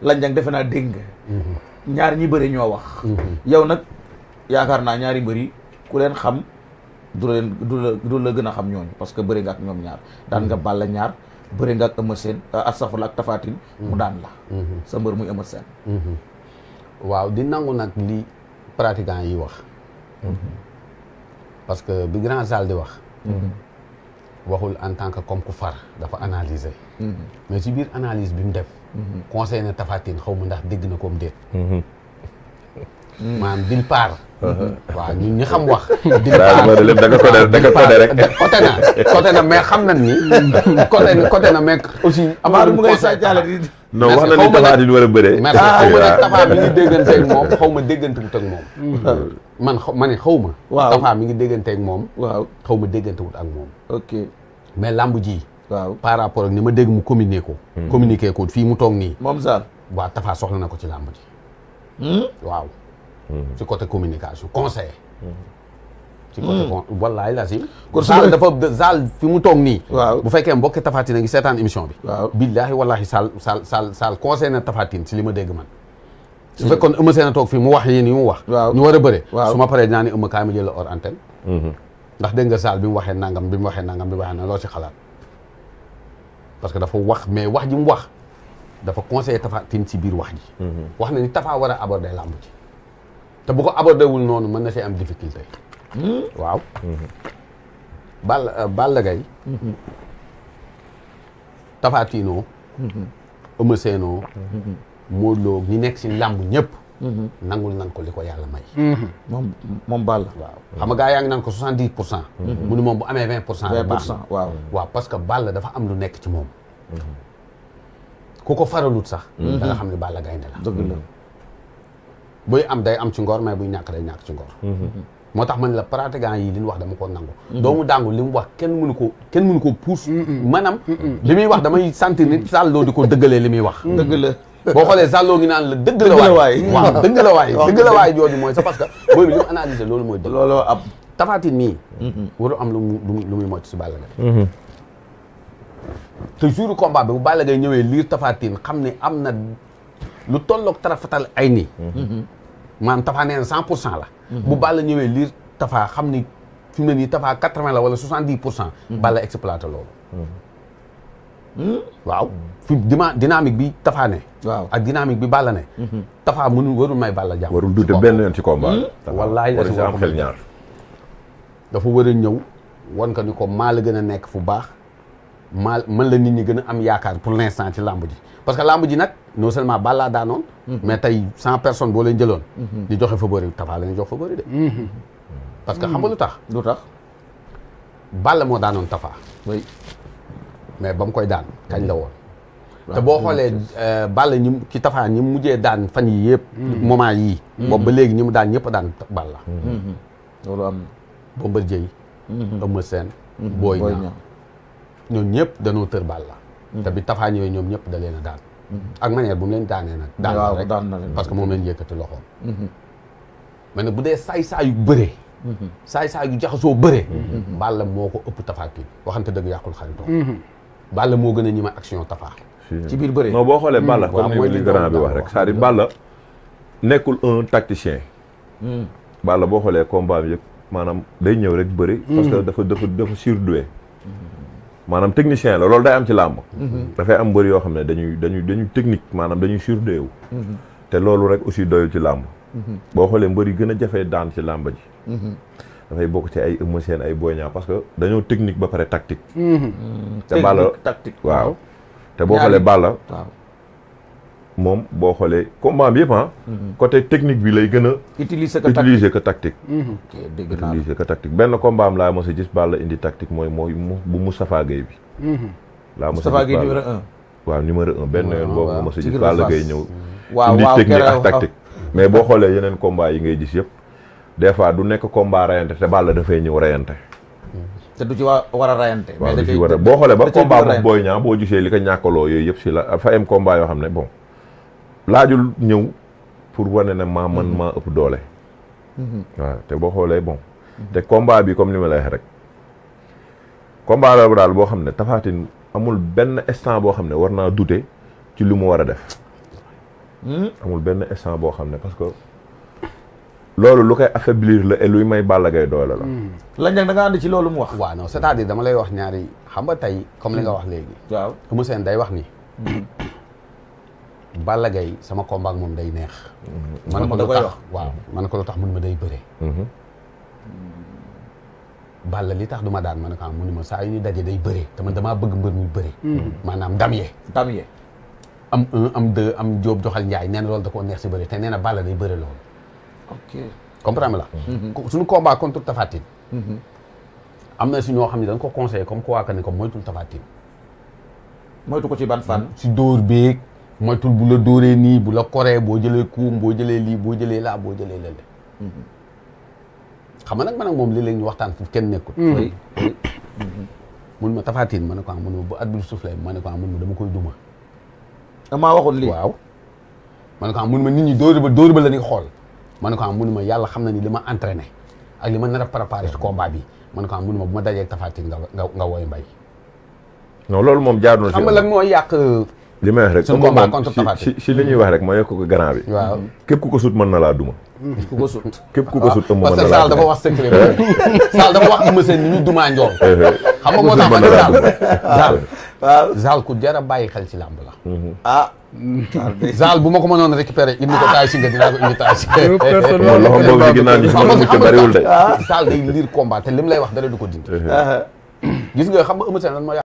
lanjang defe naa dégg nga mm-hmm. ñaar ñi bëri ñoo wax mm-hmm. yow nag yaakaar naa ñaari bëri ku leen xam du du la du la gën a xam ñooñu parce que bëri nga ak ñoom ñaar daan nga mm-hmm. Balla ñaar bëri nga ak Eumeu Sène euh, astafurla ak Tapha mu daan la sa mbër muy ama Sène waaw di nangu nag li pratiquant yi wax parce que bi grand salle di wax waxul en tant que comme ku far dafa analyser mm-hmm. mais ci biir analyse bi mu def mm-hmm. conseil na tafatin xaw mu ndax dégg na comme déet mm-hmm. maanaam dil paar uh-huh. waaw ñun ñi xam wax dil paar da nga ko da nga ko rek côté na côté na mais xam nañ ni côté côté na mais aussi amaana mu ngay sàccaale non wax na ni Tapha a bëree. ah xaw ma nag Tapha mi ak moom. Hmm. man xaw ma ne xaw ma. waaw mi ngi dégganteeg moom. waaw xaw ma déggantewut ak moom. ok mais lamb ji. par rapport ak ni ma dégg mu communiqué ko. Hmm. communiqué ko fii mu toog nii. moom Sarr waaw Tapha soxla na ko ci lamb hmm? waaw. côté communication conseil. ci côté hmm. fond wallaay lazim Sall dafa Sall fi mu toog nii waaw bu fekkee mbokki Tafatine a ngi seetaan émission bi waaw billaahi wallaahi Sall Sall Sall Sall conseil na Tafatine si li ma dégg man su hmm. fekkoon ëmma seen a toog fii mu wax yéen yi mu wax ñu war a bëre su ma paree dinaa ne ëmma kaay ma jël la hors antenne hmm. ndax dégg nga Sall bi waxee nangam bi mu waxee nangam bi mu waxee loo ci xalaat parce que dafa wax mais wax ji mu wax dafa conseillé Tafatine si biir wax ji wax na ni Tafa war a aborder làmb ji te bu ko wul noonu mën na see am difficulté waaw. Balla euh, Balla Gaye. Tafatino. Eumeu Sène. Modou Lo ñi nekk si làmb ñëpp. nangul nan ko li ko yàlla may. moom moom Balla. waaw xam nga yaa ngi naan ko soixante pour cent. mu moom bu amee vingt pour cent. vingt pour waaw waaw parce que Balla dafa am lu nekk ci moom. ku ko faralut sax. Mhm. da nga xam ne Balla gaynde la. dëgg la. buy am day am ci ngor mais buy ñàkk day ñàkk ci ngor mhm. moo tax man la pratiquant yi li ñu dama ko nangu mhm. doomu dàngu li mu wax kenn mënu ko kenn mënu puus mhm. maanaam li muy wax damay sentir nit sàlloo di ko dëggalee li muy wax dëgg la boo xoolee sàlloo ngi naan la dëgg la waay waaw dëgg la waay dëgg la waay jooju mooy sa parce que booy bi li da analysé loolu mooy dëgg looloo ab tafaatin mii waru am lu mu lu muy mocc si Balla Gaye te jour combat bi bu liir tafaatin xam ne am na lu tolloog maanaam Tafa nee cent pour cent la. bu Balla ñëwee liir Tafa xam ni fi mu ne nii Tafa quatre vingt la wala soixante dix pour cent. Hmm. Balla exploité loolu. Hmm. Hmm? waaw fi dima bi Tafa ne. waaw ak dynamique bi Balla ne. Tafa mënul warul may Balla jàpp. warul dute benn yoon ci ko wallaahi la si war a xel ñaar. dafa war a ñëw wan ko ni ko maa la gën a nekk fu baax. maa man la nit ñi gën a am yaakaar pour l' instant ci làmb ji parce que làmb ji nag non seulement Balla daanoon. Mhm. mais tey cent personnes boo leen jëloon. Mhm. di joxe fa bëri Tapha la ñuy jox fa bëri mhm. parce que xam nga lu tax. lu tax Balla moo daanoon Tapha. oui mais mu koy daan kañ la woon. te boo xoolee euh, Balla ñi ki tafaa ñi mujjee daan fan yi yëpp. moment yii. boobu ba léegi ñi mu daan ñëpp daan Balla. loolu am na. Bombardier. Eumeu Sène. Boy ñoom ñëpp danoo tër bal la mm-hmm. te bi tafaa ñëwee ñoom ñëpp da leen a daan mm-hmm. ak manière bu mu leen daanee nag daan rek parce que moom leen yëkkati loxoom mm-hmm. mais bu dee saay-saay yu bëree saay-saay yu jaxasoo bëree Balla moo ko ëpp tafaatin waxante dëgg yàqul xaritoo Balla moo gën a ñi ma action tafaa ci biir bëree non boo xoolee Balla comme ni li grand bi wax rek c'est-à-dire nekkul un tacticien mm. Balla boo xoolee combat bi maanaam day ñëw rek bëri parce que dafa dafa dafa surdoué maanaam technicien la loolu day am ci làmb mhm. dafay am mbër yoo xam ne dañuy dañuy dañuy technique maanaam dañuy surdéewu mhm. te loolu rek aussi doyul ci làmb mhm. boo xoolee mbër yi gën a jafee daan ci làmb ji dafay bokk ci ay Eumeu Sène ay Boy Niang parce que dañoo technique ba pare tactique te Balla tactique waaw te boo xoolee Balla waaw moom boo xoolee combat bi yëpp ah. Mhm. côté technique bi lay gën a. utiliser que tactique utiliser que tactique. Mhm. dégg naa benn combat am laa mos a gis Balla indi tactique mooy mooy bu Moustapha Gueye bi. Mhm. laa mos a gis Moustapha Gueye numéro un. waaw numéro un benn yoon boobu nga mos boo xoolee yeneen combat yi ngay gis yëpp des fois du nekk combat rayante te Balla dafay ñëw rayante. te du ci waa war a rayante. mais da a boo ba combat bu Boy boo gisee li ko ñàkkaloo yooyu yëpp si la fa am combat yoo xam ne bon. laajul ñëw pour wane na maa man mm-hmm. maa ëpp doole. Mm-hmm. waaw te boo xoolee bon. te combat bi comme li ma la wax rek. combat la daal boo xam ne Tapha amul benn instant boo xam ne war naa douter ci lu mu war a def. Mm-hmm. amul benn instant boo xam ne parce que loolu lu koy affaiblir la et luy may Balla Gaye doole la. lan da nga ànd ci loolu mu wax. waa non c'est-à-dire dama lay wax ñaari xam nga tey comme li nga wax léegi. waaw Eumeu Sène day wax ni. Balla Gaye sama combat moom day neex. Mm-hmm. man ko lu tax waaw man ko lu tax mun ma day bëre. Mm-hmm. Balla li tax du ma daan ma ne ko ah, mu ne ma saa yu ñu daje day bëre te man damaa bëgg mbër muy bëre. Mm-hmm. maanaam dam ye. dam am un am deux am Diop joxal Njaay nee na loolu da koo neex si bëre te nee na Balla day bëre loolu. ok comprendre la. suñu combat contre Tapha Tine. am na si ñoo xam ne dañ ko conseillé comme quoi que ne ko moytul Tapha moytu ko ci ban fan. si dóor beeg. moytul bu la dóoree nii bu la koree boo jëlee kuum boo jëlee lii boo jëlee laa boo jëlee lële xam nga nag man ak moom li léeg ñu waxtaan fu kenn nekkul mm-hmm. Mm-hmm. mun ma tafaatin ma ne ko ah, mun ma at bi suuflee ma ne ko ah, mun ma dama koy duma damaa waxoon lii waaw ma ne ko ah, mun ma nit ñi dóori ba dóori ba la ñuy xool ma ne ko munu ma yàlla xam na ni li ma ak li ma nar a préparé si combat bi ma ne ko mun ma bu ma dajee ak tafaatin nga nga nga wooy mbay jaar na si xam nga lan mooy euh, li may wax rek. seen combat contre Taphatine si si li ñuy wax rek ma yokk ko grand bi. waaw képp ku ko sut mën na laa duma. ku ko sut képp ku ko ah, sut ëmb na laa duma njool. Eh, eh, eh. xam nga moo tax ma ne Sall. Sall waaw Sall ku jar a ci la. Mhm. ah. Sall bu ma ko mënoon récupérer indi ko taay si nga dinaa ko indi taay si. personne la loxo boobu léegi a mucc bariwul de. Sall day liir combat te lim lay wax dara du ko dindi. Ah, ah. gis nga xam nga ëmb seen lan mooy